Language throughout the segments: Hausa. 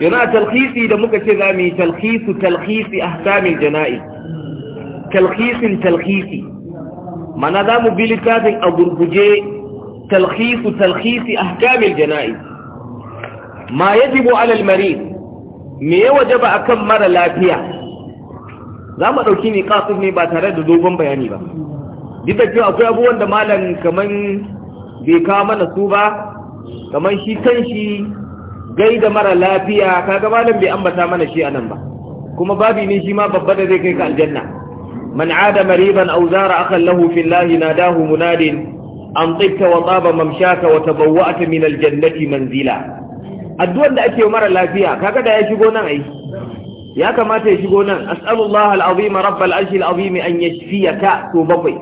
yana a talhisi da muka ce za mu yi talhisu talhisi a samun jana'i talhisin talhisi mana za mu bi littafin a gurguje talhisu talhisi a kamin jana'i ma ya jibo alalmari me ya waje ba a kan mara lafiya za mu ɗauki ne ƙasar ne ba tare da dogon bayani ba duk da cewa akwai abubuwan da malam kamar bai kawo mana su ba kamar shi kan shi gaida mara lafiya kaga malam bai ambata mana shi anan ba kuma babi ne shi ma babba da zai kai ka aljanna man ada mariban aw zara akhan lahu na nadahu munadin an tibta wa taba mamshaka wa tabawwa'ta min aljannati manzila addu'ar da ake mara lafiya kaga da ya shigo nan ai ya kamata ya shigo nan as'alullah al'azim rabbal arshi al'azim an yashfiyaka to bakwai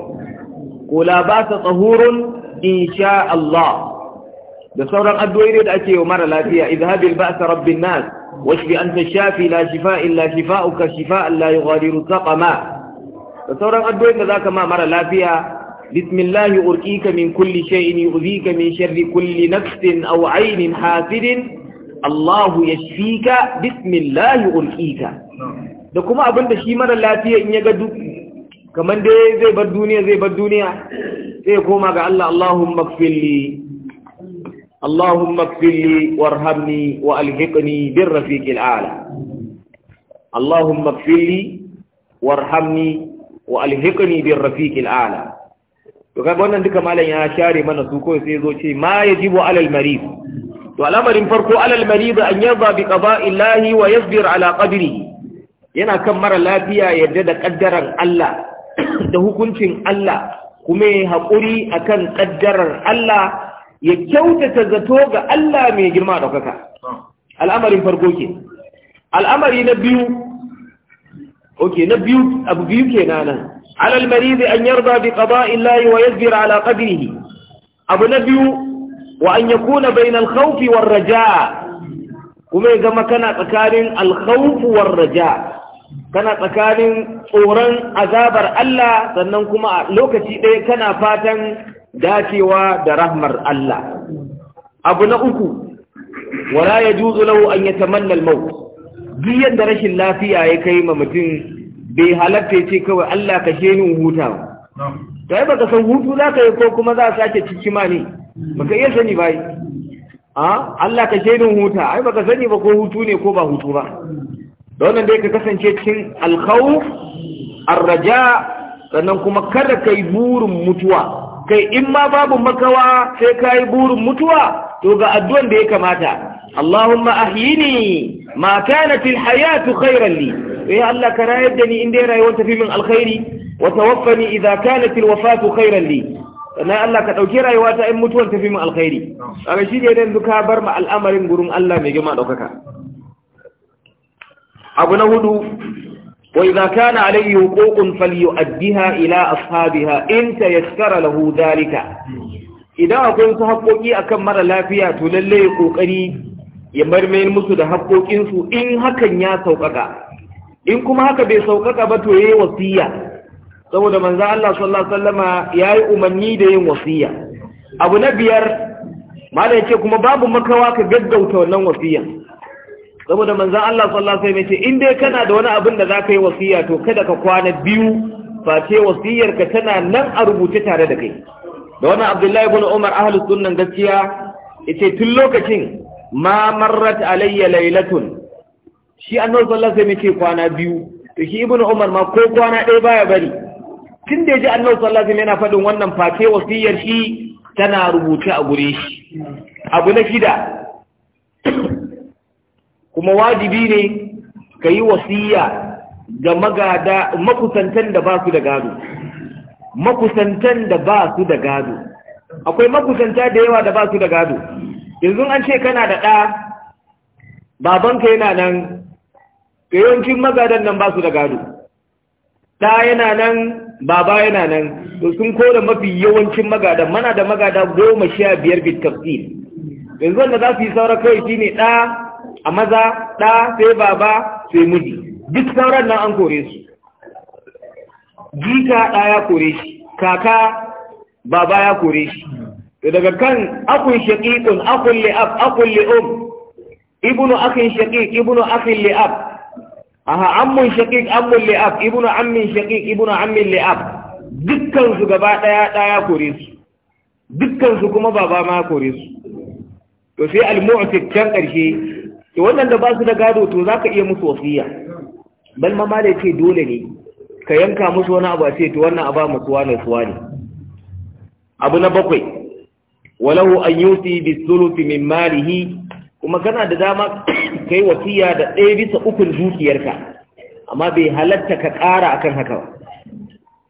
ko la ba ta tsahurun insha Allah da sauran addu'o'i da ake yi mara lafiya idhabil ba'sa rabbin nas washfi anta shafi la shifa illa shifa'uka shifa'an la yughadiru saqama da sauran addu'o'i da zaka ma mara lafiya bismillahi urqika min kulli shay'in yu'dhika min sharri kulli nafsin aw 'aynin hasidin Allahu yashfika bismillahi urqika da kuma abin da shi mara lafiya in ya ga duk kamar dai zai bar duniya zai bar duniya sai koma ga Allah Allahumma gfirli اللهم اغفر لي وارحمني والحقني بالرفيق الاعلى اللهم اغفر لي wa alhiqni bir a'la to kaga wannan duka malam ya share mana su ko sai zo ce ma yajibu alal marid to al'amarin farko alal marid an yadha bi qada'illahi wa yasbir ala qadrihi yana kan mara lafiya yadda da kaddaran Allah da hukuncin Allah kuma ya haƙuri akan ƙaddarar Allah ya kyautata zato ga Allah mai girma ɗaukaka al'amarin farko ke al'amari na biyu oke na biyu abu biyu ke nan alal marizi an yarda bi qada'illahi wa yasbir ala qadrihi abu na biyu wa an yakuna bainal khawfi war raja kuma ya zama kana tsakanin al war raja kana tsakanin tsoron azabar Allah sannan kuma a lokaci ɗaya kana fatan dacewa da rahmar Allah abu na uku wala yajuzu lahu an yatamanna al-maut duk yadda rashin lafiya ya kai ma mutum bai halatta ya ce kawai Allah ka she ni huta to ai baka san hutu za ka yi ko kuma za a sake ciki ma ne baka iya sani ba a Allah ka she ni huta ai baka sani ba ko hutu ne ko ba hutu ba da wannan dai ka kasance cikin alkhawf arraja sannan kuma kada kai burin mutuwa kai in ma babu makawa sai ka yi burin mutuwa to ga addu'an da ya kamata Allahumma ahyini ma kanat hayatu khayran li ya eh, Allah ka rayar da ni in dai rayuwar tafi min alkhairi wa tawaffani idza kanat wafatu khayran li na Allah ka dauki rayuwa ta in mutuwar tafi min alkhairi kaga shi ne yanzu ka bar ma al'amarin gurin Allah mai girma daukaka abu na hudu وإذا كان عليه حقوق فليؤديها إلى أصحابها إن تيسر له ذلك إذا أقول حقوقي أكم مرة لا فيها تللي حقوقني يمرمين مسود حقوق إنسو إن هكا يا سوقك إن كما هكا بسوقك بتوي وصية saboda manzo Allah sallallahu alaihi wasallama yayi umanni da yin wasiya abu na biyar malai ce kuma babu makawa ka gaggauta wannan wasiyan saboda manzan Allah sallallahu alaihi wasallam ce in dai kana da wani abin da zaka yi wasiya to kada ka kwana biyu face wasiyar ka tana nan a rubuce tare da kai da wani Abdullahi ibn Umar ahlus sunnan gaskiya yace tun lokacin ma marrat alayya laylatun shi annabi sallallahu alaihi wasallam yace kwana biyu to shi ibn Umar ma ko kwana ɗaya baya bari tun da ya ji annabi sallallahu alaihi wasallam yana faɗin wannan face wasiyar shi tana rubuce a gure shi abu na shida kuma wajibi ne ka yi wasiya ga magada makusantan da ba su da gado makusantan da ba su da gado akwai makusanta da yawa da ba su da gado yanzu an ce kana da ɗa babanka yana nan yawancin magadan nan ba su da gado ɗa yana nan baba yana nan to sun kora mafi yawancin magadan mana da magada goma sha biyar bit tafsir yanzu wanda za su yi saura kawai shine ɗa a maza ɗa sai baba sai miji duk sauran nan an kore su jika ɗa ya kore shi kaka baba ya kore shi to daga kan akun shaqiqun akun li'ab akun li'um ibnu akin shaqiq ibnu akin li'ab aha ammun shaqiq ammun li'ab ibnu ammin shaqiq ibnu ammin li'ab dukkan su gaba daya daya kore su dukkan su kuma baba ma kore su to sai al-mu'tik can karshe to waɗanda ba su da gado to za ka iya musu wasiya bal ma malai ce dole ne ka yanka musu wani abu a ce to wannan abu musu wani suwa ne abu na bakwai walahu an yusi bi min malihi kuma kana da dama kai wasiya da ɗaya bisa ukun dukiyarka amma bai halatta ka ƙara akan haka ba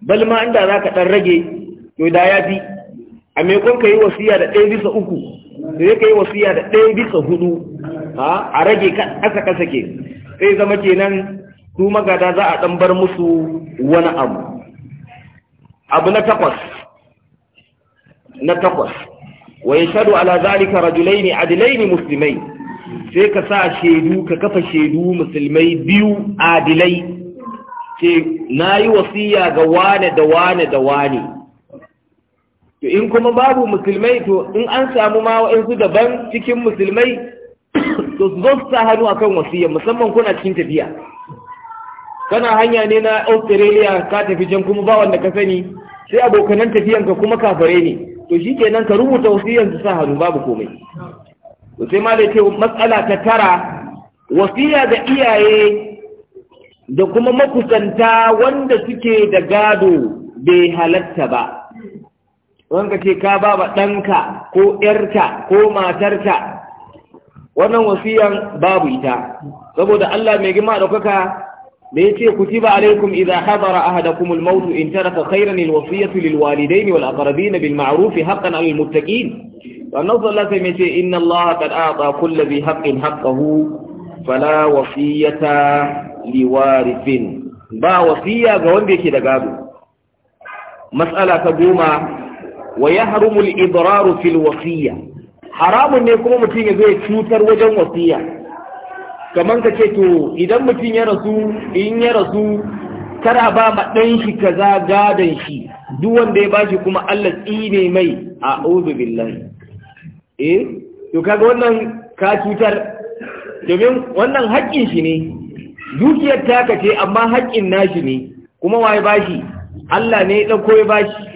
bal ma inda za ka ɗan rage to da ya fi a maimakon ka yi wasiya da ɗaya bisa uku Sai ya kai wasiya da ɗaya bisa hudu a rage ƙasa ƙasa ke sai zama kenan su magada za a ɗan bar musu wani abu abu na takwas na takwas wa ya shaɗu ala zalika rajulai ne adilai ne musulmai sai ka sa shaidu ka kafa shaidu musulmai biyu adilai ce na yi wasiya ga wane da wane da wane to in kuma babu musulmai to in an samu ma wa'insu daban cikin musulmai to su zo su sa hannu akan wasiya musamman kuna cikin tafiya kana hanya ne na australia ka tafi can kuma ba wanda ka sani sai abokanan tafiyanka kuma kafare ne to shi kenan ka rubuta wasiyan su sa hannu babu komai to sai ma da ce matsala ta tara wasiya ga iyaye da kuma makusanta wanda suke da gado bai halatta ba wanka ce ka ba ba ɗanka ko ‘yarka ko matarka wannan wasiyan babu ita saboda Allah mai gima ɗaukaka me ya ce ku ci ba alaikum idan hadara da kumul maut in taraka khairan al-wasiyatu lil walidain wal aqrabin bil ma'ruf haqqan al muttaqin wannan sallallahu alaihi ce inna Allah qad ata kulli bi haqqin haqqahu fala wasiyata li warithin ba wasiya ga wanda yake da gado mas'ala ta goma wa yahrumul idraru fil wasiyya haramun ne kuma mutum ya zai cutar wajen wasiya kamar ka ce to idan mutum ya rasu in ya rasu kada ba ma dan shi kaza gadan shi duk wanda ya bashi kuma Allah tsine mai a'udhu billahi eh to kaga wannan ka cutar domin wannan haƙƙin shi ne dukiyar ta ce amma haƙƙin nashi ne kuma waye bashi Allah ne ya dauko ya bashi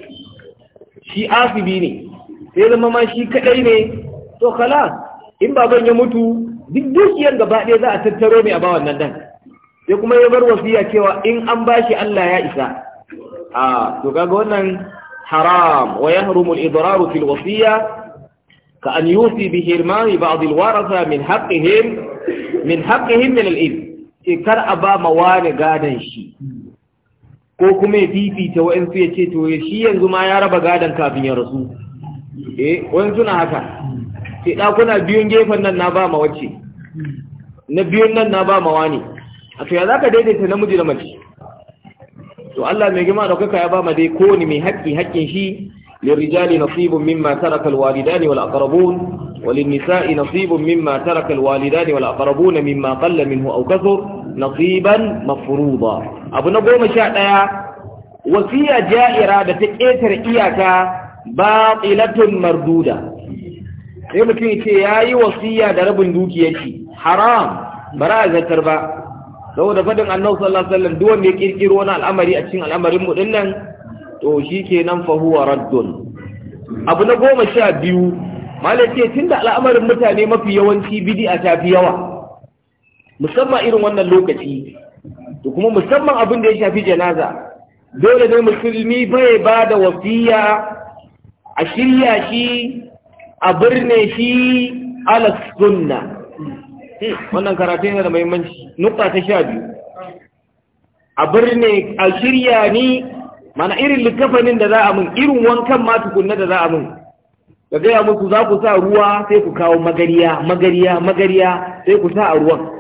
shi asibi ne sai zama ma shi kadai ne to kala in baban ya mutu duk dukiyar gaba ɗaya za a tattaro mai a ba wannan dan sai kuma ya bar wasiya cewa in an bashi Allah ya isa a to kaga wannan haram wa yahrumu al-idrar fi al-wasiya ka an yusi bi hirmani ba'd al-warasa min haqqihim min haqqihim min al-ibn kar a ba ma wani gadan shi ko kuma ya fifita wa'insu ya ce to shi yanzu ma ya raba gadon kafin ya rasu eh wa'insu na haka sai ɗakuna biyun gefen nan na ba ma wacce na biyun nan na ba ma wani a to ya za ka daidaita namiji da mace to Allah mai girma da kuka ya ba ma dai kowane mai haƙƙi haƙƙin shi للرجال نصيب مما ترك الوالدان والأقربون وللنساء نصيب مما ترك الوالدان والأقربون مما قل منه أو كثر nasiban mafuruba abu na goma sha ɗaya wasiya ja'ira da ta ƙetare iyaka batilatun marduda sai mutum ya yi yayi wasiya da rabin dukiyarki haram bara a zartar ba saboda faɗin annabi sallallahu alaihi wasallam duwan ya kirkiro wani al'amari a cikin al'amarin mu dinnan to shikenan fa huwa raddun abu na goma sha biyu malai ce tunda al'amarin mutane mafi yawanci bid'a ta fi yawa musamman irin wannan lokaci to kuma musamman abin da ya shafi janaza dole ne musulmi bai ba da wasiya a shirya shi a birne shi ala sunna hmm, wannan karatu yana da muhimmanci nukta ta sha biyu a birne a shirya ni mana irin likafanin da za a mun irin wankan ma tukunna da za a mun ka gaya musu za ku sa ruwa sai ku kawo magariya magariya magariya sai ku sa a ruwan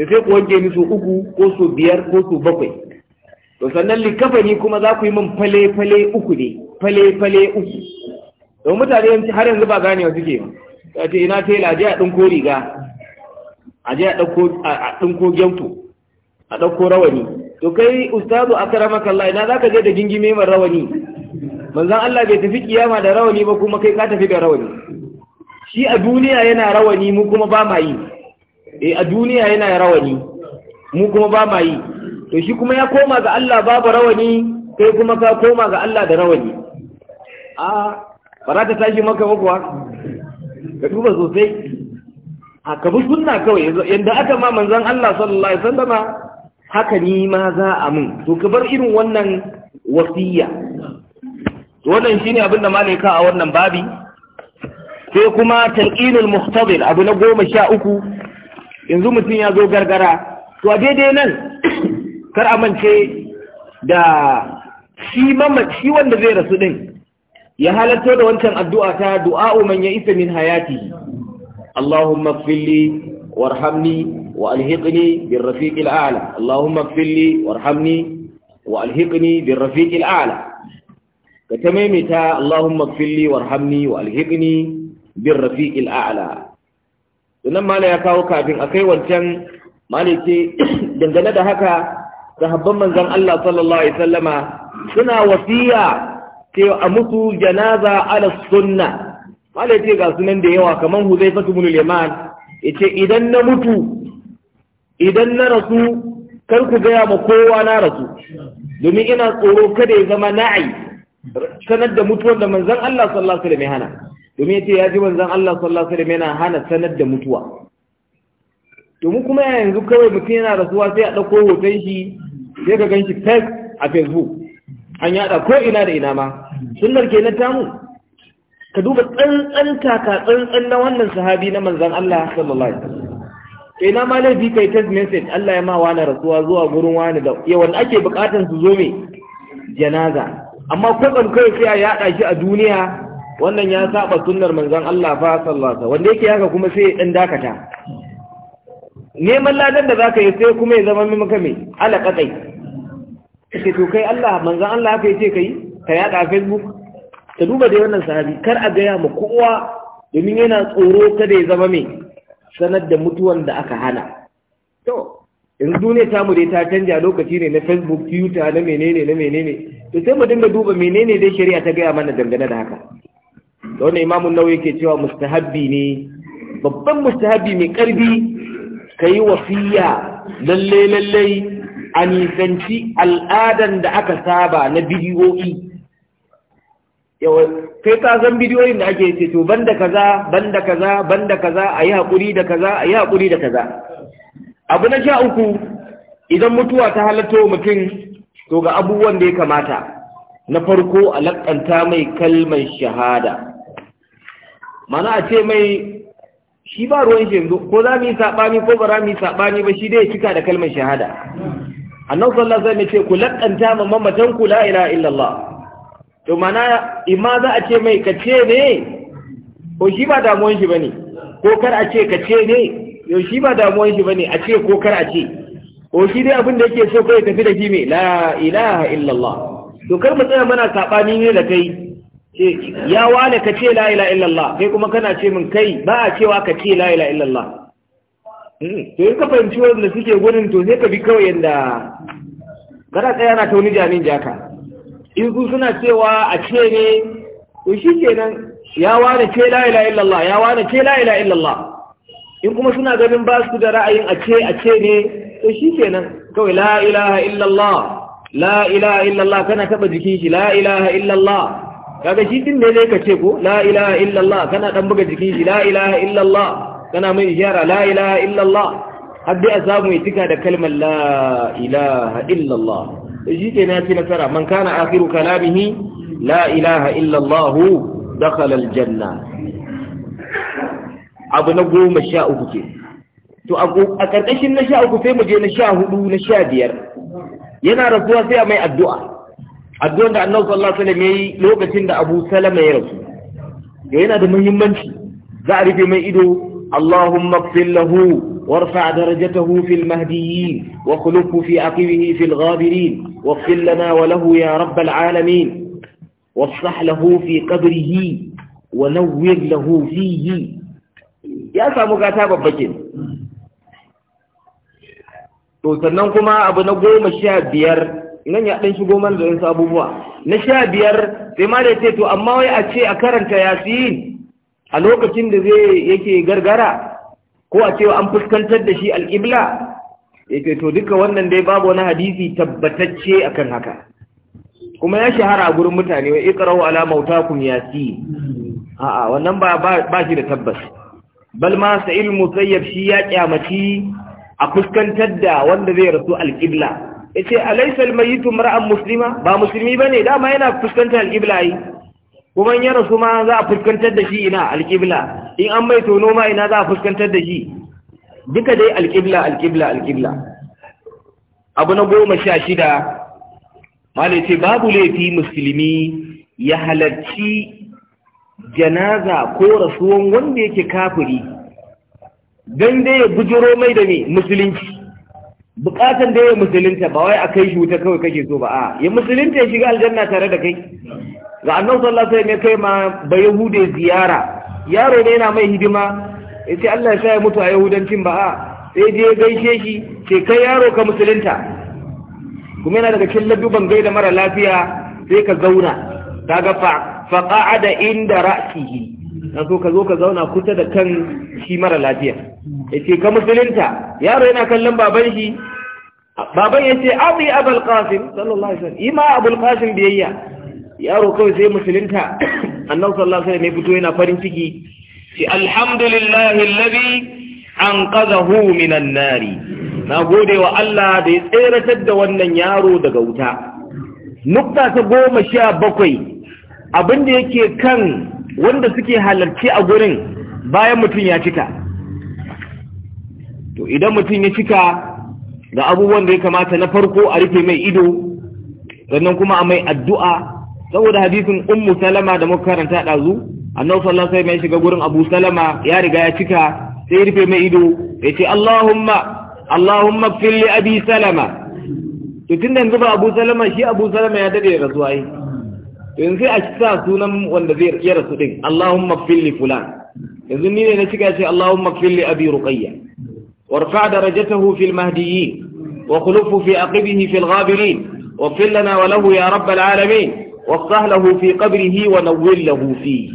da sai ku wanke ni so uku ko so biyar ko so bakwai to sannan likafani kuma za ku yi min fale fale uku ne fale fale uku to mutane har yanzu ba wa suke ba ta ina tela je a ɗinko riga a je a ɗinko gyamto a ɗauko rawani to kai ustazu a karamakallah ina za ka je da gingime mai rawani manzon Allah bai tafi kiyama da rawani ba kuma kai ka tafi da rawani shi a duniya yana rawani mu kuma ba ma yi eh a duniya yana rawani mu kuma ba ma yi to shi kuma ya koma ga Allah babu rawani kai kuma ka koma ga Allah da rawani a bara ta tashi maka makuwa ka duba sosai a ka bi sunna kawai yadda aka ma manzon Allah sallallahu alaihi wasallama haka ni ma za a mun to ka bar irin wannan wasiya wannan shine abinda da malaika a wannan babi sai kuma talqinul muhtabir abu na goma sha uku yanzu mutum ya zo gargara to a daidai nan kar amince da shi mamaci wanda zai rasu din ya halatto da wancan addu'a ta du'a'u man ya isa min hayati Allahumma fili warhamni wa alhiqni bin rafiqil a'la Allahumma fili warhamni wa alhiqni bin rafiqil a'la ka ta maimaita Allahumma fili warhamni wa alhiqni bin rafiqil a'la Sannan mala ya kawo kafin a kai wancan malike dangane da haka sahabban manzan Allah sallallahu alaihi wasallama suna wasiya cewa a musu janaza ala sunna malike ga sunan da yawa kamar kaman Huzaifa ibn al-Yaman ce idan na mutu idan na rasu kar ku gaya ma kowa na rasu domin ina tsoro kada ya zama na'i sanar da mutuwar da manzan Allah sallallahu alaihi wasallam ya hana domin ce ya ji manzon Allah sallallahu alaihi wasallam yana hana sanar da mutuwa to mu kuma yanzu kawai mutum yana rasuwa sai a dauko hoton shi sai ka ganshi tag a Facebook an yada ko ina da ina ma sunnar kenan tamu ka duba tsantsan taka tsantsan na wannan sahabi na manzon Allah sallallahu alaihi wasallam ina ma laifi kai ta message Allah ya ma wani rasuwa zuwa gurin wani da yawan ake bukatan su zo me janaza amma ko kan kai sai a yada shi a duniya wannan ya saba sunnar manzon Allah fa sallallahu alaihi wanda yake haka kuma sai dan dakata neman ladan da zaka yi sai kuma ya zama maka ala kadai sai to kai Allah manzon Allah haka yace kai ka yada a Facebook ka duba dai wannan sahabi kar a gaya ma kowa domin yana tsoro kada ya zama mai sanar da mutuwan da aka hana to in duniya ta mu dai ta canja lokaci ne na Facebook Twitter na menene na menene to sai mu dinga duba menene dai shari'a ta gaya mana dangane da haka da wani imamun nauyi yake cewa mustahabbi ne babban mustahabbi mai karbi yi wafiya lalle lalle a nisanci al'adar da aka saba na bidiyoyi kai ta zan bidiyoyin da ake ce to da kaza da kaza da kaza yi haƙuri da kaza yi haƙuri da kaza abu na sha uku idan mutuwa ta wa mutum to ga abubuwan da ya kamata na farko a lakanta mai kalmar shahada mana a ce mai shi ba ruwan shi yanzu ko za mu yi saɓani ko ba za mu yi saɓani ba shi dai cika da kalmar shahada annabi sallallahu alaihi wasallam ya ce ku lakanta ma mamatan ku la ilaha illallah to mana imma za a ce mai ka ce ne ko shi ba damuwan shi bane ko kar a ce ka ce ne yo shi ba damuwan shi bane a ce ko kar a ce ko shi dai abin da yake so kai tafi da shi me la ilaha illallah to kar mu tsaya mana saɓani ne da kai ya wane ka ce la ila illallah kai kuma kana ce min kai ba a cewa ka ce la ila illallah to in ka fahimci wanda suke gudun to sai ka bi kawai yadda gara tsaya na tauni jamin jaka in su suna cewa a ce ne to shi kenan ya wane ce la ila illallah ya wane ce la ila illallah in kuma suna ganin ba su da ra'ayin a ce a ce ne to shi kenan kawai la ilaha illallah la ilaha illallah kana taba jikin shi la ilaha illallah kaga shi din ne ka ce ko la ilaha illallah kana dan buga jikin shi la ilaha illallah kana mai ishara la ilaha illallah har dai a samu itika da kalmar la ilaha illallah shi ke na ci nasara man kana akhiru kalamihi la ilaha illallah dakhala aljanna abu na goma sha uku ce. to a karkashin na sha uku sai mu je na sha hudu na sha biyar yana rasuwa sai a mai addu'a addu'ar da annabi sallallahu alaihi wasallam yayi lokacin da Abu Salama ya rasu yana da muhimmanci za a rufe mai ido اللهم اغفر له وارفع درجته في المهديين واخلفه في عقبه في الغابرين واغفر لنا وله يا رب العالمين واصلح له في قبره ونور له فيه يا سامو غاتا babbakin to sannan kuma abu na goma sha biyar nan ya ɗan shigo mana da wasu abubuwa na sha biyar sai ma da ce to amma wai a ce a karanta yasin a lokacin da zai yake gargara ko a ce an fuskantar da shi al'ibla yake to duka wannan dai babu wani hadisi tabbatacce akan haka kuma ya shahara a gurin mutane wai iqra'u ala mautakum yasin a'a wannan ba ba shi da tabbas bal ma sa'il musayyab shi ya kyamaci a fuskantar da wanda zai rasu alƙibla yace alaisal almayitu mar'an muslima ba musulmi bane dama yana fuskantar alqibla yi kuma ya rasu ma za a fuskantar da shi ina alqibla in an mai tono ma ina za a fuskantar da shi duka dai alqibla alqibla alqibla abu na goma sha shida malai ce babu laifi musulmi ya halarci janaza ko rasuwan wanda yake kafiri don dai ya bujiro mai da mai musulunci bukatan da ya musulunta ba wai a kai shi wuta kawai kake so ba a ya musulunta ya shiga aljanna tare da kai ga annabi sallallahu alaihi kai ma ba yahude ziyara yaro ne yana mai hidima yace Allah ya sa ya mutu a yahudancin ba a sai je gaishe shi ce kai yaro ka musulunta kuma yana daga cikin laduban gaida mara lafiya sai ka zauna ga fa faqa'ada inda ra'sihi na so ka zo ka zauna kusa da kan shi mara lafiya ya ce ka musulunta yaro yana kallon baban shi baban ya ce abu yi abu alƙasim sallallahu alaihi wasallam ima abu alƙasim biyayya yaro kawai sai musulunta annan sallallahu alaihi wasallam ya fito yana farin ciki ce alhamdulillahi alladhi anqadhahu minan nari na gode wa Allah da ya tseratar da wannan yaro daga wuta nukta ta goma sha bakwai abin da yake kan wanda suke halarci a gurin bayan mutum ya cika to idan mutum ya cika ga abubuwan da ya kamata na farko a rufe mai ido sannan kuma a mai addu'a saboda hadisin ummu salama da muka karanta ɗazu annabi sallallahu alaihi wasallam ya shiga gurin abu salama ya riga ya cika sai rufe mai ido ya ce allahumma allahumma fili abi salama to tunda da yanzu ba abu salama shi abu salama ya dade da rasuwa yi yanzu sai a sa sunan wanda zai ya rasu din Allahumma filli fulan yanzu ni ne na cika ce Allahumma filli abi ruqayya warfa darajatahu fil mahdiyyin wa khulufu fi aqibihi fil ghabirin wa lana wa lahu ya rabbal alamin wasah lahu fi qabrihi wa nawwir lahu fi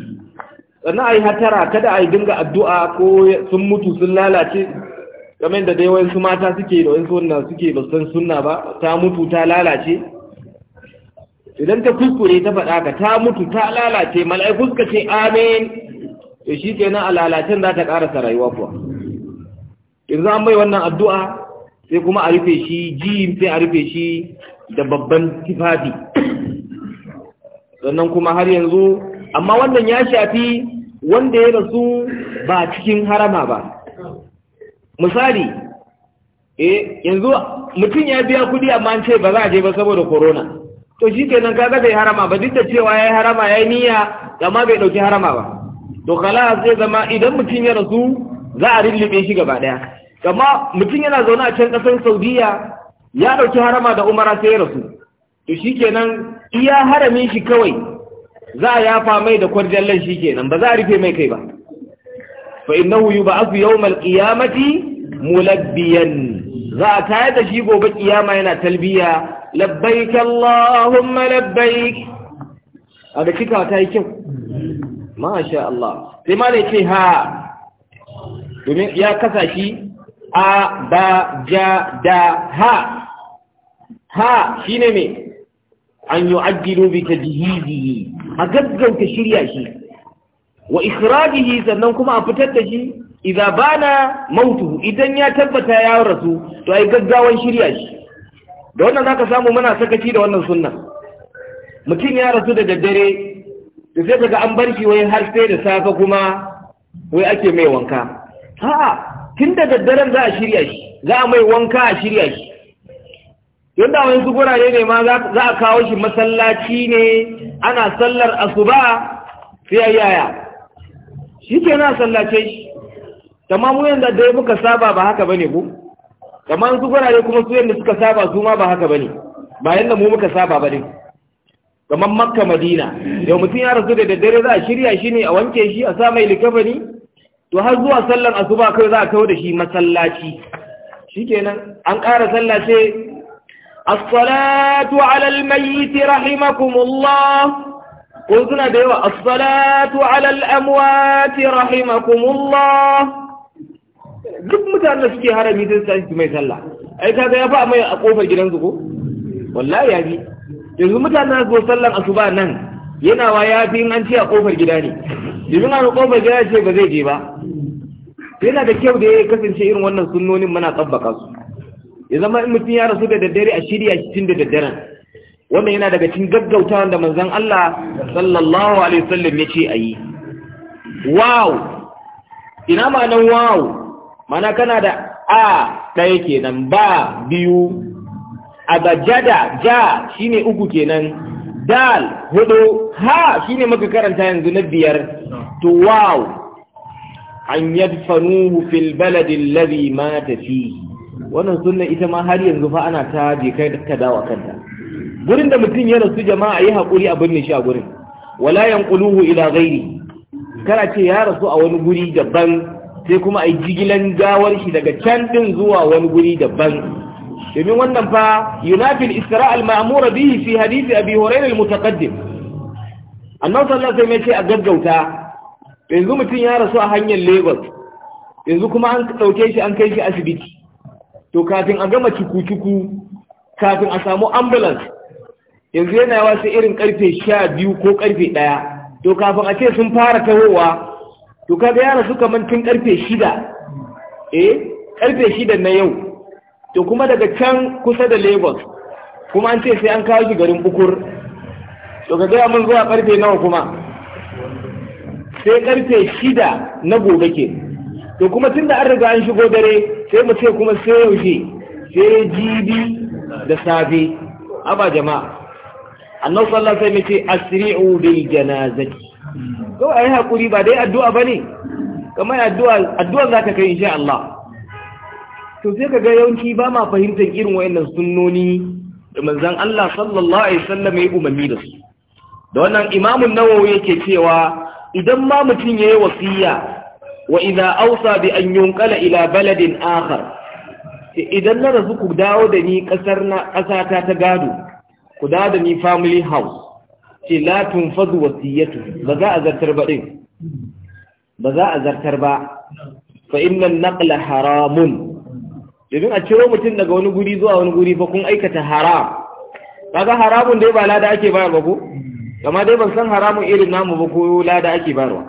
sannan ai hatara kada ai dinga addu'a ko sun mutu sun lalace kamar da dai wayansu mata suke da wayansu wannan suke ba san sunna ba ta mutu ta lalace idan ta kuskure ta faɗa ka ta mutu ta lalace mala'iku ka ce amin to shi nan, a lalacen za ta ƙarasa rayuwa kuwa yanzu an mai wannan addu'a sai kuma a rufe shi ji sai a rufe shi da babban tifafi sannan kuma har yanzu amma wannan ya shafi wanda ya rasu ba cikin harama ba misali eh, yanzu mutum ya biya kuɗi amma an ce ba za a je ba saboda corona to shi kenan kaga bai harama ba duk da cewa ya yi harama ya yi niyya amma bai ɗauki harama ba to kala zai zama idan mutum ya rasu za a rillibe shi gaba ɗaya amma mutum yana zaune a can ƙasar Saudiyya, ya ɗauki harama da umara sai ya rasu to shi kenan iya harami shi kawai za a yafa mai da kwarjallan shi kenan ba za a rufe mai kai ba fa innahu yub'athu yawmal qiyamati mulabbiyan za a tayar da shi gobe kiyama yana talbiya labbaik Allahumma labbaik a da cika ta yi kyau masha Allah sai ma ne ce ha domin ya kasa shi a ba ja da ha ha shine ne mai an yi ajiyo jihizi a gaggauta shirya shi wa ikhrajihi sannan kuma a fitar da shi idza bana mautu idan ya tabbata ya rasu to ai gaggawan shirya shi da wannan za ka samu mana sakaci da wannan sunna mutum ya rasu da daddare da sai daga an barki wai har sai da safe kuma wai ake mai wanka 'a tun da daddaren za a shirya shi za a mai wanka a shirya shi yadda wani su gurare ne ma za a kawo shi masallaci ne ana sallar asuba sai yaya shi ke na sallace shi tamamu yadda dai muka saba ba haka bane ku kamar su gurare kuma su yadda suka saba su ma ba haka bane ba yadda mu muka saba ne. kamar makka madina yau mutum ya rasu da daddare za a shirya shi ne a wanke shi a sa mai likafani to har zuwa sallar asuba kai za a kawo da shi masallaci shikenan an ƙara sallah sai "Asalatu salatu 'ala al rahimakumullah ko suna da yawa Asalatu alal amwati al rahimakumullah duk mutanen da suke harami sun san shi mai sallah ai kaga ya fa mai a kofar gidansu ko wallahi ya bi yanzu mutanen su sallan asuba nan yana wa ya fi an ce a kofar gida ne domin a kofar gida ce ba zai je ba yana da kyau da ya kasance irin wannan sunnonin muna tsabbaka su ya zama in mutum ya rasu da daddare a shirya shi tun da daddaren wannan yana daga cikin gaggautawa da manzon Allah sallallahu alaihi wasallam ya ce ayi wow ina nan wow mana kana da a ɗaya kenan ba biyu jada ja shine uku kenan dal hudu ha shine muka karanta yanzu na biyar to wow an yadfanuhu fil baladi ma ta fi. wannan sunna ita ma har yanzu fa ana ta je kai da dawa kanta gurin da mutum ya rasu jama'a yi haƙuri a birnin shi a gurin wala yanquluhu ila ghairi kana ce ya rasu a wani guri daban sai kuma a yi jigilan gawar shi daga can din zuwa wani guri daban domin wannan fa yunafil isra al-ma'mura bihi fi hadisi abi hurairah al-mutaqaddim annabi sallallahu alaihi wasallam ya ce a gaggauta yanzu mutum ya rasu a hanyar Lagos yanzu kuma an ɗauke shi an kai shi asibiti to kafin a gama cuku-cuku kafin a samu ambulance yanzu yana yawa sai irin karfe sha biyu ko karfe ɗaya to kafin a ce sun fara tahowa to kaga yana rasu kaman tun karfe shida eh karfe shida na yau to kuma daga can kusa da lagos kuma an ce sai an kawo shi garin bukur to ka gaya mun zuwa karfe nawa kuma sai karfe shida na gobe ke to kuma tun da an riga an shigo dare sai mu ce kuma sai yaushe sai jibi da safe aba jama'a annabi sallallahu alaihi wasallam ce asri'u bil janazati kawai ayi hakuri ba dai addu'a bane kamar addu'a addu'a za ta kai insha Allah to sai ga yawanci ba ma fahimtar irin wayannan sunnoni da manzon Allah sallallahu alaihi wasallam ya umarni da su da wannan Imam Nawawi yake cewa idan ma mutum ya yi wasiya wa idza awsa bi an yunqala ila baladin akhar idan na rasu ku dawo da ni kasar na kasata ta gado ku dawo da ni family house ce la tunfadu wasiyatu ba za a zartar ba din ba za a zartar ba fa innan naqla haramun domin a ciro mutum daga wani guri zuwa wani guri fa kun aikata haram kaga haramun dai ba lada ake bayar ba ko amma dai ban san haramun irin namu ba ko lada ake bayarwa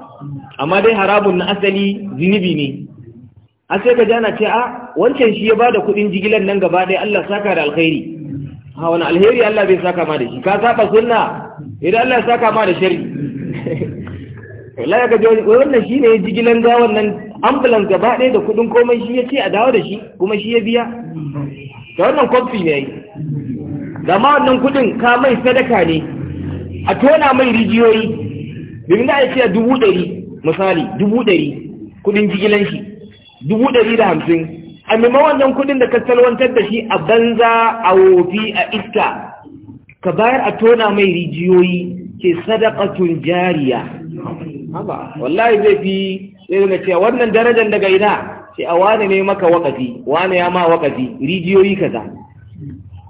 amma dai haramun na asali zunubi ne a sai ka jana ce a ah, wancan shi ya bada kuɗin jigilan nan gaba ɗaya, Allah saka da alkhairi ha wani alheri Allah bai saka ma da shi ka saba sunna idan Allah ya saka ma da shari wallahi ga jawani wannan shine ya jigilan ga wannan ambulan gaba ɗaya da kuɗin komai shi ya ce a dawo da shi kuma shi ya biya da wannan kwamfi ne yi da ma wannan kuɗin ka mai sadaka ne a tona mai rijiyoyi domin da a ce dubu ɗari misali dubu ɗari kuɗin jigilan shi dubu ɗari da hamsin a nema wannan kudin da ka salwantar da shi a banza a wofi a iska ka bayar a tona mai rijiyoyi ke sadakatun jariya haba wallahi zai fi sai da cewa wannan darajar daga ina ce a wane ne maka wakafi wane ya ma wakafi rijiyoyi kaza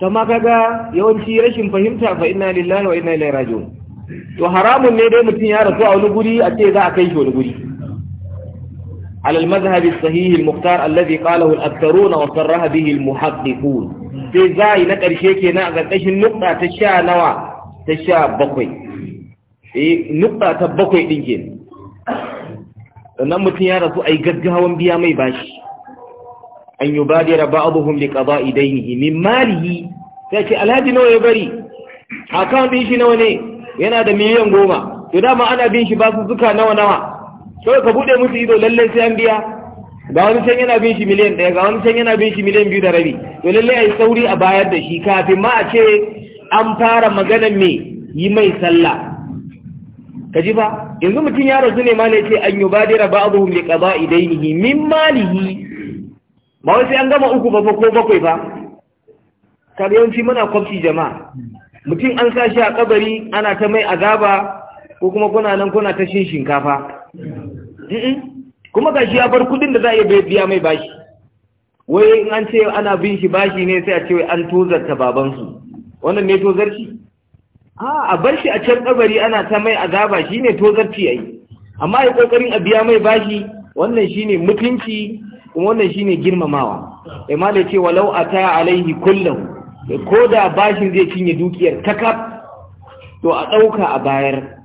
ta ma kaga yawanci rashin fahimta fa ina lillahi wa ina ilai rajo. to haramun ne dai mutum ya rasu a wani guri a ce za a kai shi wani guri على المذهب الصحيح المختار الذي قاله الأكثرون وصرها به المحققون في زاي نقر شيكي نعذا تشي النقطة تشاء نوع تشاء بقوي نقطة تبقوي دينجين sannan mutum ya rasu a yi gaggawan biya mai bashi an yi ba da raba abuhun da ƙaba idainihi min malihi ta ce alhaji nawa ya bari a kan bin shi nawa ne yana da miliyan goma to dama ana bin shi ba su nawa nawa kawai ka bude musu ido lallai sai an biya ga wani can yana bin shi miliyan ɗaya ga wani can yana bin shi miliyan biyu da rabi to lalle a yi sauri a bayar da shi kafin ma a ce an fara maganar me yi mai sallah ka ji ba yanzu mutum ya rasu ne ma ne ce an yi badira ba abu mai Min idainihi min malihi ba wasu an gama uku ba ko bakwai ba yawanci muna kwafci jama'a mutum an sa shi a kabari ana ta mai azaba ko kuma kuna nan kuna ta shin shinkafa Eh, kuma gashi ya bar kudin da za a iya biya mai bashi wai in an ce ana bin shi bashi ne sai a ce an tozarta babansu wannan ne tozarci a bar shi a can kabari ana ta mai azaba shi ne tozarci yayi amma ya kokarin a biya mai bashi wannan shine mutunci kuma wannan shine girmamawa imma da ce walau ta alaihi kullum? ko da bashin zai cinye dukiyar kakaf to a ɗauka a bayar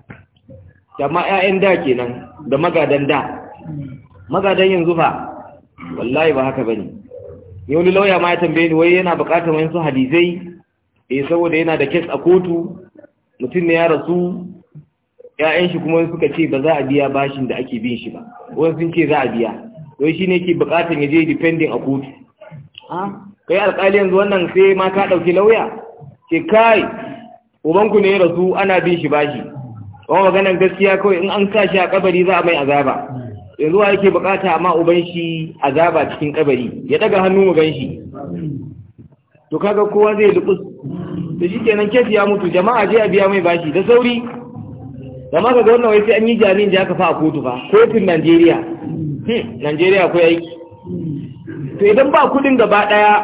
ma 'ya'yan da kenan da magadan da magadan yanzu fa wallahi ba haka bane ne wani lauya ma ya tambaye ni wai yana buƙatar wani su hadisai eh saboda yana da case a kotu mutum ne ya rasu 'ya'yan shi kuma suka ce ba za a biya bashin da ake bin shi ba wani sun ce za a biya wai shine yake buƙatar ya je depending a kotu kai alƙali yanzu wannan sai ma ka ɗauki lauya ke kai ubanku ne ya rasu ana bin shi bashi kuma maganar gaskiya kawai in an sa shi a kabari za a mai azaba yanzu wa yake bukata amma uban shi azaba cikin kabari ya daga hannu mu ganshi to kaga kowa zai lukus to shikenan kesi ya mutu jama'a je a biya mai bashi da sauri da ma ga wannan wai sai an yi jami'in da aka fa a kotu fa kotun Najeriya hmm, Najeriya akwai aiki to idan ba kudin gaba daya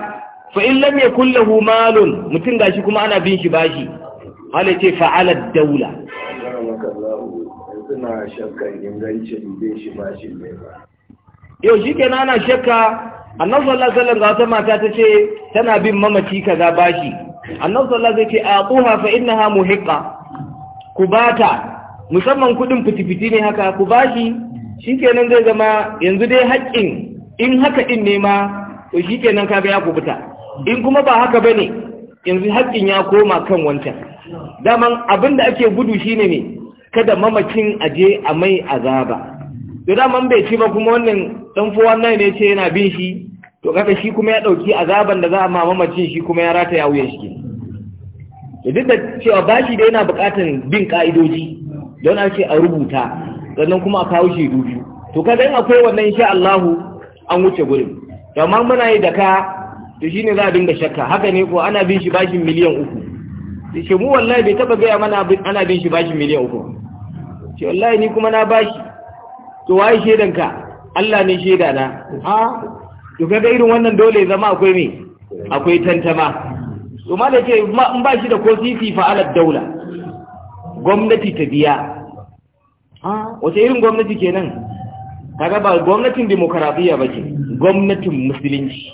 fa in lam yakullahu malun mutun gashi kuma ana bin shi bashi halace fa'ala daula maka suna shakkan ingancin bin shi ba shi ne ba yau shi kenan ana shakka annan sallah ga wata mata ta ce tana bin mamaci kaza bashi annan sallah zai ce a ƙuha fa innaha muhiqqa ku ta musamman kuɗin fitifiti ne haka ku bashi shikenan zai zama yanzu dai haƙƙin in haka in ne ma to kaga ya kubuta in kuma ba haka bane yanzu haƙƙin ya koma kan wancan daman abin da ake gudu shine ne kada mamacin aje a mai azaba to daman bai ci ba kuma wannan dan fuwa nan ne ce yana bin shi to kada shi kuma ya ɗauki azaban da za a ma mamacin shi kuma ya rata ya wuya shi to duk da cewa bashi da yana buƙatar bin ka'idoji don a ce a rubuta sannan kuma a kawo shi dubi. to kada in akwai wannan insha Allahu an wuce gurin to amma muna yi da ka to shine za a dinga shakka haka ne ko ana bin shi bashin miliyan uku da ce mu wallahi bai taba gaya mana ana bin shi bashin miliyan uku ce wallahi ni kuma na bashi to waye shaidanka Allah ne shaida na ha to kaga irin wannan dole zama akwai me akwai tantama to ma ce in ba shi da ko sisi fa ala daula gwamnati ta biya ha wace irin gwamnati kenan kaga ba gwamnatin demokradiya bace gwamnatin musulunci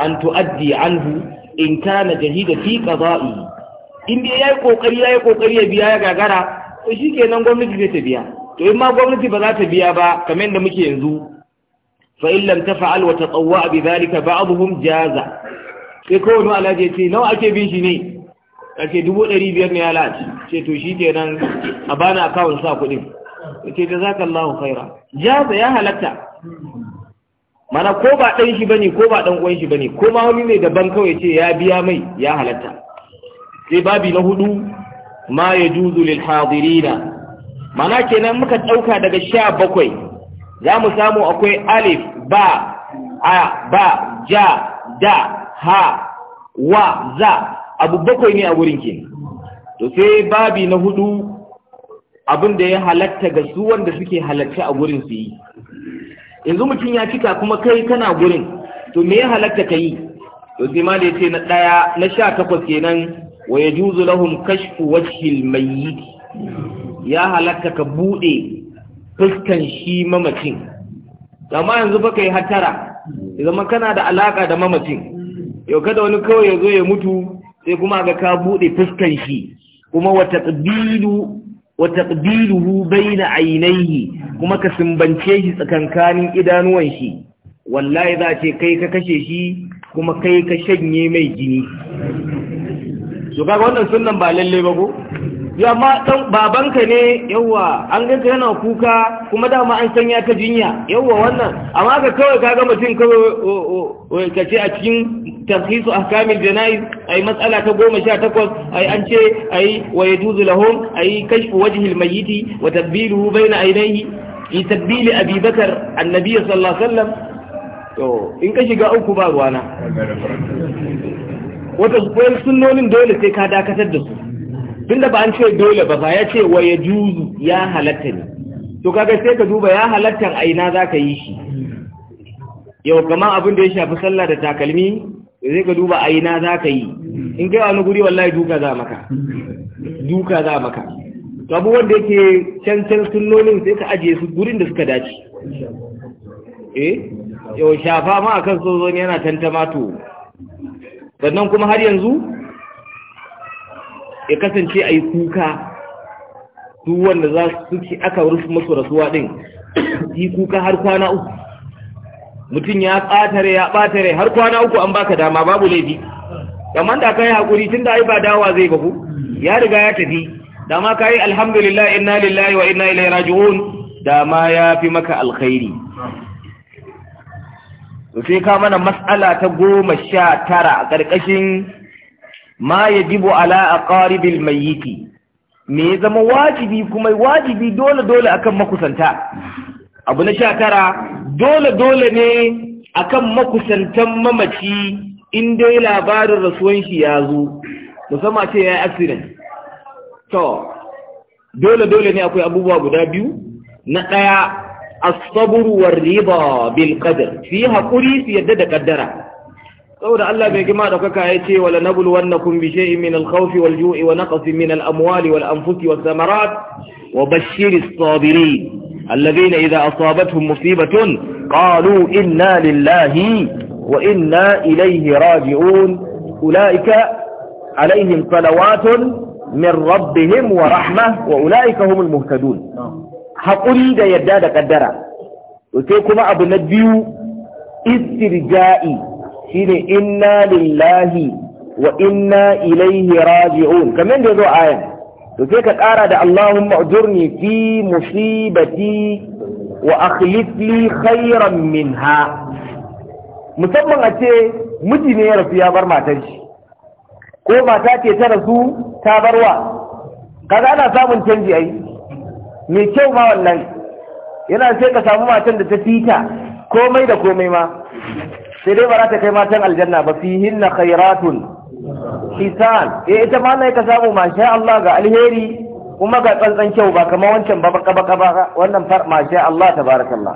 an tu'addi anhu in kana jahida fi qada'i in dai yayi kokari yayi kokari ya biya ya gagara to shikenan gwamnati zai ta biya to in ma gwamnati ba za ta biya ba kamar yadda muke yanzu fa in lam tafa'al wa tatawwa bi dhalika ba'dhum jaza sai kowane ya ce nawa ake bin shi ne ake dubu ɗari biyar ne ya ce to shi ke nan a bani akawun sa kuɗin ce ta zaka Allah khaira jaza ya halatta mana ko ba ɗan shi bane ko ba ɗan uwan shi bane ko ma wani ne daban kawai ce ya biya mai ya halatta sai babi na hudu ma ya juzu lil hadirina mana kenan muka ɗauka daga sha bakwai za mu samu akwai alif ba a ba ja da ha wa za abu bakwai ne a wurin ke. to sai babi na hudu abin da ya halatta ga su wanda suke halatta a wurin su yi yanzu mutum ya cika kuma kai kana gurin to me ya halatta ka yi to sai malai ce na ɗaya na sha takwas kenan wa juzu lahum kashfu wajhil mayyit ya halatta ka bude fuskan shi mamacin amma yanzu baka yi hatara zama kana da alaka da mamacin yau kada wani kawai ya zo ya mutu sai kuma ga ka buɗe fuskan shi kuma wa taqbilu wa taqbiluhu bayna aynayhi kuma ka sumbance shi tsakankanin idanuwan shi wallahi za ce kai ka kashe shi kuma kai ka shanye mai jini so kaga wannan sunan ba lalle ba ko ya ma dan babanka ne yawa an ka yana kuka kuma dama an sanya ka jinya yawa wannan amma ka kawai kaga mutum kawai ka ce a cikin tarhisu ahkamil jana'iz ai matsala ta goma sha takwas ai an ce ai wa yajuzu lahum ai kashfu wajhi almayyiti wa tabbiluhu bayna ainihi fi tabbili abi bakar annabi sallallahu in ka shiga uku ba ruwana wata wani dole sai ka dakatar da su tunda ba an ce dole ba ba ya ce wa yajuzu ya halatta ne to kaga sai ka duba ya halattan aina za ka yi shi yau kamar abin da ya shafi sallah da takalmi Zai ka duba aina za ka yi in kai wani guri wallahi duka za maka duka za maka to abu wanda yake cancan sunnonin sai ka ajiye su gurin da suka dace eh yau shafa ma akan sozon yana tantama to sannan kuma har yanzu ya kasance a yi kuka duk wanda za su suke aka wurin masu rasuwa ɗin yi kuka har kwana uku mutum ya tsatare ya har kwana uku an baka dama babu laifi amma da kai hakuri tunda ai ba dawa zai bahu ya riga ya tafi dama ma kai alhamdulillah inna lillahi wa inna ilaihi raji'un Dama ya fi maka alkhairi to sai ka mana mas'ala ta goma sha tara karkashin ma yajibu ala aqaribil mayyiti me ya zama wajibi kuma wajibi dole dole akan makusanta abu na sha tara dole dole ne akan makusantan mamaci in dai labarin rasuwan shi ya zo musamman ce ya yi asirin. to dole dole ne akwai abubuwa guda biyu na ɗaya as-sabr war riba bil qadar fi haƙuri su yadda da ƙaddara saboda Allah bai gima da kaka ya ce wala nabul wannakum bi shay'in min al-khawfi wal ju'i wa naqsin min al-amwali wal anfusi was samarat wa bashshiris sabirin الذين إذا أصابتهم مصيبة قالوا إنا لله وإنا إليه راجعون أولئك عليهم صلوات من ربهم ورحمة وأولئك هم المهتدون حقولي دا يداد قدرة وتيكما أبو نجيو استرجائي إنا لله وإنا إليه راجعون كمين جدو آيان to sai ka ƙara da Allahumma ujurni fi musibati wa akhlif li khairan minha musamman a ce miji ne ya rasu ya bar matar shi ko mata ce ta rasu ta barwa kaza ana samun canji ai me kyau ma wallahi yana sai ka samu matan da ta fita komai da komai ma sai dai ba za ta kai matan aljanna ba fihinna khairatun hisan eh ita ma ka samu masha Allah ga alheri kuma ga tsantsan kyau ba kamar wancan ba baka baka ba wannan far masha Allah tabarakallah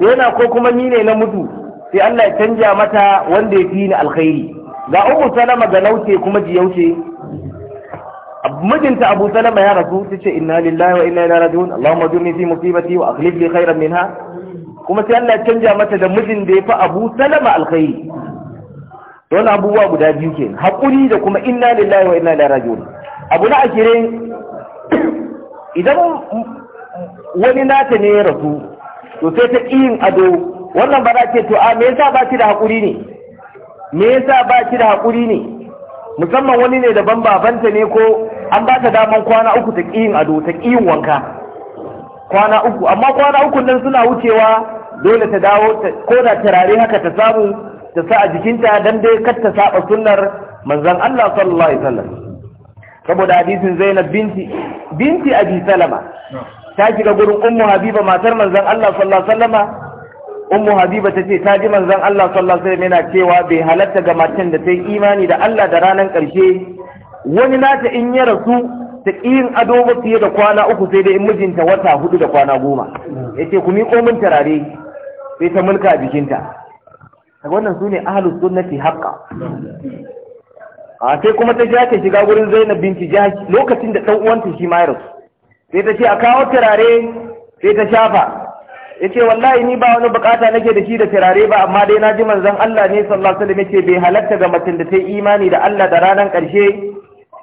yana ko kuma ni ne na mutu sai Allah ya canja mata wanda ya fi ni alkhairi ga ummu salama ga nauce kuma jiyauce mijinta abu salama ya rasu ta ce inna lillahi wa inna ilaihi raji'un allahumma ajurni fi musibati wa akhlif li khairan minha kuma sai Allah ya canja mata da mijin da ya fi abu salama alkhairi don abubuwa guda biyu ke haƙuri da kuma inna lillahi wa inna ilaihi raji'un abu na akirin idan wani nata ne ya rasu to sai ta yin ado wannan ba za ce to a me yasa ba ki da haƙuri ne me yasa ba ki da haƙuri ne musamman wani ne daban babanta ne ko an ba ta daman kwana uku ta yin ado ta yin wanka kwana uku amma kwana uku nan suna wucewa dole ta dawo ko da turare haka ta samu ta sa a jikinta don dai kar ta saba sunnar manzon Allah sallallahu alaihi wasallam saboda hadisin Zainab binti binti Abi Salama ta shiga gurin Ummu Habiba matar manzon Allah sallallahu alaihi wasallam Ummu Habiba ta ce, ta ji manzon Allah sallallahu alaihi wasallam yana cewa bai halatta ga matan da ta yi imani da Allah da ranar ƙarshe wani nata in ya rasu ta yin ado ba fiye da kwana uku sai dai in mijinta wata hudu da kwana goma ya ce ku miƙo min tarare sai ta mulka a jikinta wannan su ne ahalus sunnati haƙa a sai kuma ta ja ta shiga gurin zainab binti jahash lokacin da ɗan uwanta shi ma ya rasu sai ta ce a kawo turare sai ta shafa ya ce wallahi ni ba wani bukata nake da shi da turare ba amma dai na ji manzon Allah ne sallallahu alaihi wasallam bai halatta ga macen da ta yi imani da Allah da ranar ƙarshe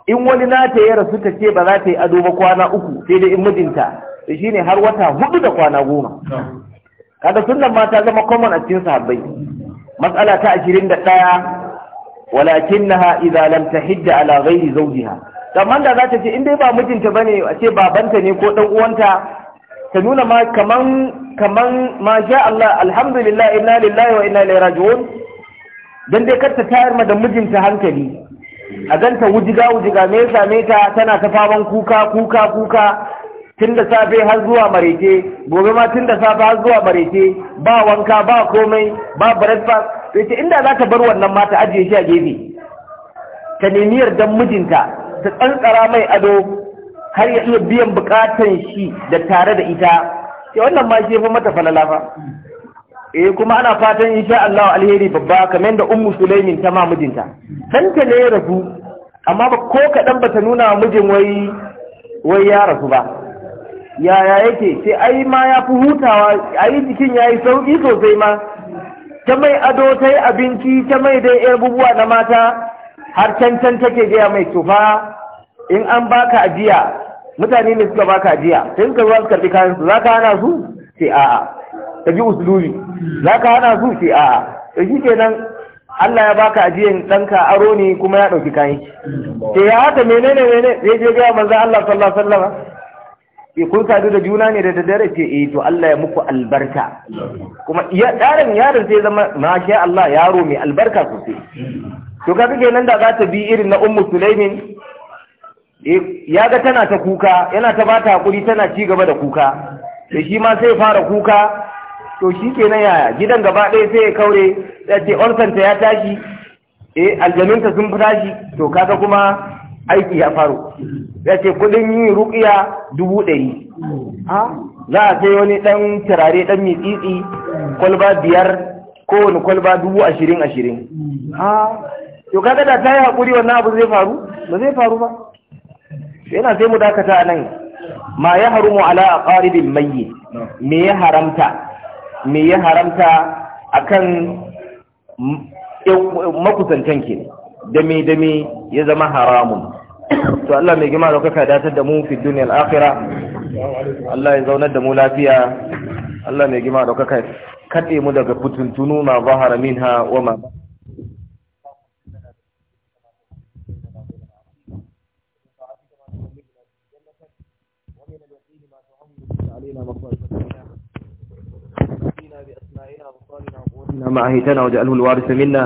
in wani nata ya rasu ta ce ba za ta yi ado ba kwana uku sai da in mijinta da shine har wata hudu da kwana goma kada sunan mata zama common a cikin sahabbai matsala ta ashirin da ɗaya walakinnaha idza lam tahidda ala ghairi zawjiha kamar da za ta ce in dai ba mijinta ne, a ce babanta ne ko dan uwanta ta nuna ma kaman kaman ma sha Allah alhamdulillah inna lillahi wa inna ilaihi raji'un dan dai kar ta tayar ma da mijinta hankali a ganta wujiga wujiga me same ta tana ta faman kuka kuka kuka tun da safe har zuwa mareke gobe ma tun da safe har zuwa mareke ba wanka ba komai ba breakfast to ita inda za ta bar wannan mata ta ajiye shi a gefe ta nemi yardan mijinta ta tsantsara mai ado har ya iya biyan bukatan shi da tare da ita ke wannan ma shi fa mata falala eh kuma ana fatan insha Allah alheri babba kamar da ummu sulaimin ta ma mijinta dan ta ne ya rasu amma ba ko kadan bata nuna mijin wai wai ya rasu ba yaya yake sai ai ma ya fi hutawa ai jikin ya yi sauƙi sosai ma ta mai ado ta yi abinci ta mai dai yan bubuwa na mata har can can take gaya mai tufa in an baka ajiya mutane ne suka baka ajiya sai suka zuwa su karɓi kayan su za ka hana su sai a'a ka ji usuluri za ka hana su sai a'a to shi kenan Allah ya baka ajiyan ɗanka aro ne kuma ya ɗauki kayan shi. Ke ya haka menene menene zai je gaya manzan Allah sallallahu alaihi wasallam E kun sadu da juna ne da daddare ce eh to Allah ya muku albarka kuma ya yaron yaron sai zama masha Allah yaro mai albarka sosai to kaga nan da za ta bi irin na ummu sulaimin eh, ya ga tana ta kuka yana ta bata hakuri tana ci gaba da kuka da shi ma sai fara kuka to shi kenan yaya gidan gaba ɗaya sai ya kaure ya ce orsanta ya tashi eh aljaminta sun fi tashi to kaga kuma aiki ya faru ya ce kudin yin rukiya dubu ɗari za a sai wani ɗan turare ɗan mitsitsi kwalba biyar kowane kwalba dubu ashirin ashirin to kaga da ta yi haƙuri wannan abu zai faru ba zai faru ba yana sai mu dakata a nan ma ya mu ala ƙaribin mayyi me ya haramta me ya haramta akan makusantan ke da me da me ya zama haramun to Allah mai gima da kuka datar da mu fi duniya akhira Allah ya zaunar da mu lafiya Allah mai gima da kuka kaɗe mu daga fituntunu ma zahara ha wa ma ما أهيتنا وجعله الوارث منا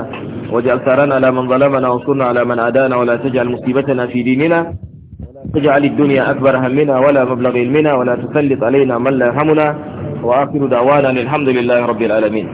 واجعل ثارنا على من ظلمنا وانصرنا على من عادانا ولا تجعل مصيبتنا في ديننا تجعل الدنيا أكبر همنا ولا مبلغ علمنا ولا تسلط علينا من لا همنا وآخر دعوانا الحمد لله رب العالمين